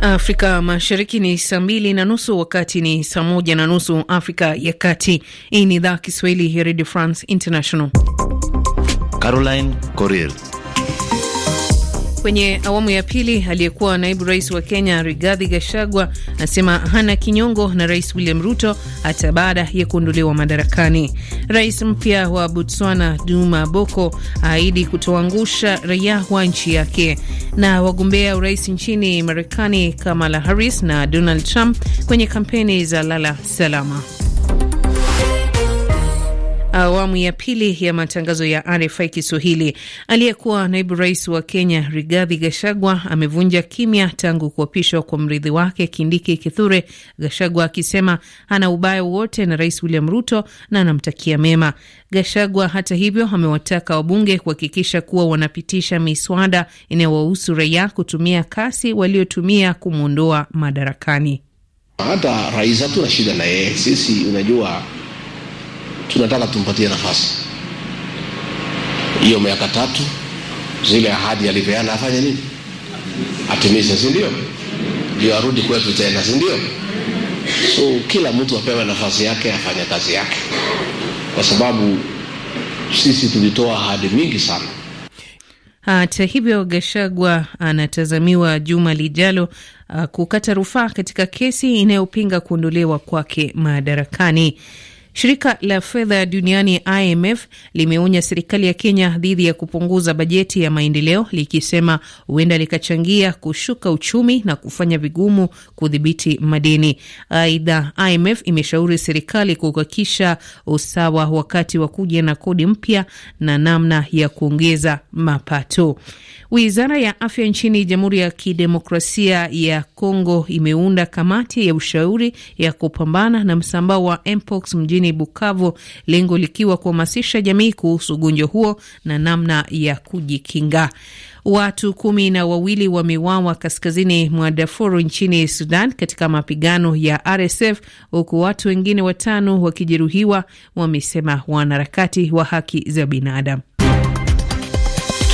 Afrika Mashariki ni saa mbili na nusu, wakati ni saa moja na nusu Afrika ya Kati. Hii ni idhaa Kiswahili ya Redio France International. Caroline Coril Kwenye awamu ya pili, aliyekuwa naibu rais wa Kenya Rigathi Gachagua anasema hana kinyongo na Rais William Ruto hata baada ya kuondolewa madarakani. Rais mpya wa Botswana Duma Boko aahidi kutoangusha raia wa nchi yake. Na wagombea urais nchini Marekani Kamala Harris na Donald Trump kwenye kampeni za lala salama awamu ya pili ya matangazo ya RFI Kiswahili. Aliyekuwa naibu rais wa Kenya Rigathi Gashagwa amevunja kimya tangu kuapishwa kwa mrithi wake Kindiki Kithure, Gashagwa akisema hana ubaya wowote na Rais William Ruto na anamtakia mema. Gashagwa hata hivyo amewataka wabunge kuhakikisha kuwa wanapitisha miswada inayowahusu raia kutumia kasi waliotumia kumwondoa madarakani. Hata rais hatuna shida na yeye, sisi unajua tunataka tumpatie nafasi hiyo miaka tatu zile ahadi alipeana afanye nini atimize si ndio ndio arudi kwetu tena si ndio so kila mtu apewe nafasi yake afanye kazi yake kwa sababu sisi tulitoa ahadi mingi sana hata hivyo gashagwa anatazamiwa juma lijalo uh, kukata rufaa katika kesi inayopinga kuondolewa kwake madarakani Shirika la fedha duniani IMF limeonya serikali ya Kenya dhidi ya kupunguza bajeti ya maendeleo likisema huenda likachangia kushuka uchumi na kufanya vigumu kudhibiti madeni. Aidha, IMF imeshauri serikali kuhakikisha usawa wakati wa kuja na kodi mpya na namna ya kuongeza mapato. Wizara ya afya nchini Jamhuri ya Kidemokrasia ya Kongo imeunda kamati ya ushauri ya kupambana na msambao wa mpox mjini mjini Bukavu, lengo likiwa kuhamasisha jamii kuhusu ugonjwa huo na namna ya kujikinga. Watu kumi na wawili wamewawa kaskazini mwa Darfur nchini Sudan katika mapigano ya RSF huku watu wengine watano wakijeruhiwa, wamesema wanaharakati wa haki za binadamu.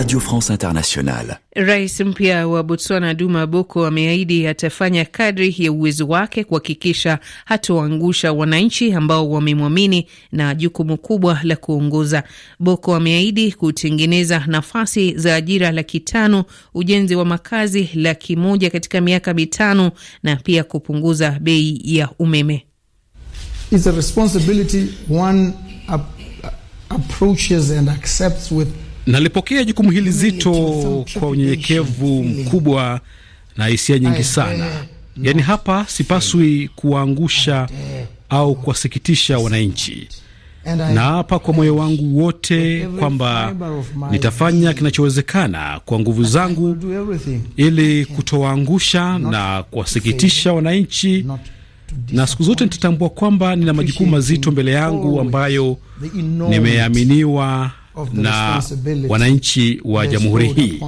Radio France Internationale. Rais mpya wa Botswana Duma Boko ameahidi atafanya kadri ya uwezo wake kuhakikisha hatoangusha wananchi ambao wamemwamini na jukumu kubwa la kuongoza. Boko ameahidi kutengeneza nafasi za ajira laki tano, ujenzi wa makazi laki moja katika miaka mitano na pia kupunguza bei ya umeme. It's a Nalipokea jukumu hili zito kwa unyenyekevu mkubwa na hisia nyingi sana. Yaani hapa sipaswi kuwaangusha au kuwasikitisha wananchi, na hapa kwa moyo wangu wote kwamba nitafanya kinachowezekana kwa nguvu zangu ili kutowaangusha na kuwasikitisha wananchi, na siku zote nitatambua kwamba nina majukumu mazito mbele yangu ambayo nimeaminiwa na wananchi wa jamhuri hii.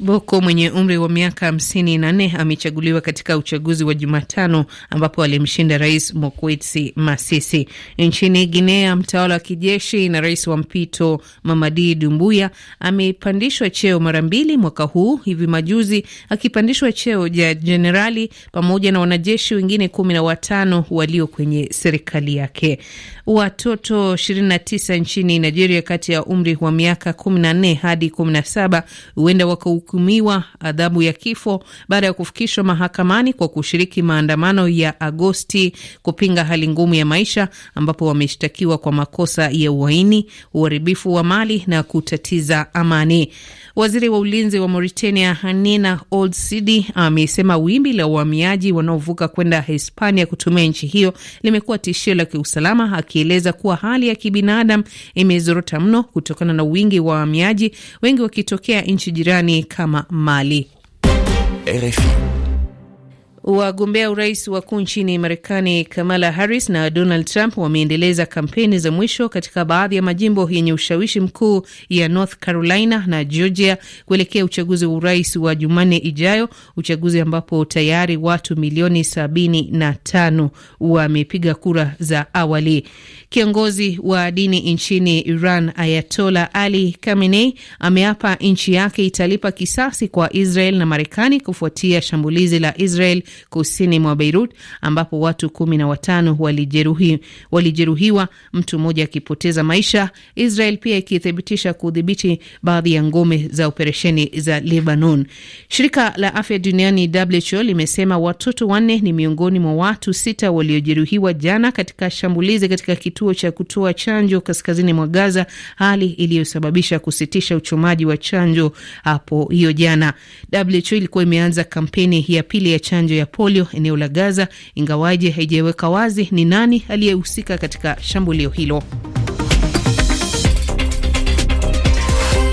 Boko mwenye umri wa miaka hamsini na nne amechaguliwa katika uchaguzi wa Jumatano ambapo alimshinda Rais Mokwetsi Masisi. Nchini Guinea, mtawala wa kijeshi na rais wa mpito Mamadi Dumbuya amepandishwa cheo mara mbili mwaka huu hivi majuzi, akipandishwa cheo ja jenerali pamoja na wanajeshi wengine kumi na watano walio kwenye serikali yake. Watoto 29 nchini Nigeria kati ya umri wa miaka 14 hadi 17 huenda wako alihukumiwa adhabu ya kifo baada ya kufikishwa mahakamani kwa kushiriki maandamano ya Agosti kupinga hali ngumu ya maisha, ambapo wameshtakiwa kwa makosa ya uhaini, uharibifu wa mali na kutatiza amani. Waziri wa ulinzi wa Mauritania Hanina Old Sidi amesema wimbi la uhamiaji wanaovuka kwenda Hispania kutumia nchi hiyo limekuwa tishio la kiusalama, akieleza kuwa hali ya kibinadamu imezorota mno kutokana na wingi wa wahamiaji, wengi wakitokea nchi jirani kama Mali. RFI. Wagombea urais wakuu nchini Marekani, Kamala Harris na Donald Trump wameendeleza kampeni za mwisho katika baadhi ya majimbo yenye ushawishi mkuu ya North Carolina na Georgia kuelekea uchaguzi wa urais wa Jumanne ijayo, uchaguzi ambapo tayari watu milioni sabini na tano wamepiga kura za awali. Kiongozi wa dini nchini Iran, Ayatola Ali Khamenei, ameapa nchi yake italipa kisasi kwa Israel na Marekani kufuatia shambulizi la Israel kusini mwa Beirut ambapo watu kumi na watano walijeruhi, walijeruhiwa mtu mmoja akipoteza maisha. Israel pia ikithibitisha kudhibiti baadhi ya ngome za operesheni za Lebanon. Shirika la afya duniani WHO limesema watoto wanne ni miongoni mwa watu sita waliojeruhiwa jana katika shambulizi katika kituo cha kutoa chanjo kaskazini mwa Gaza, hali iliyosababisha kusitisha uchomaji wa chanjo hapo hiyo jana. WHO ilikuwa imeanza kampeni ya pili ya chanjo ya polio eneo la Gaza, ingawaje haijaweka wazi ni nani aliyehusika katika shambulio hilo.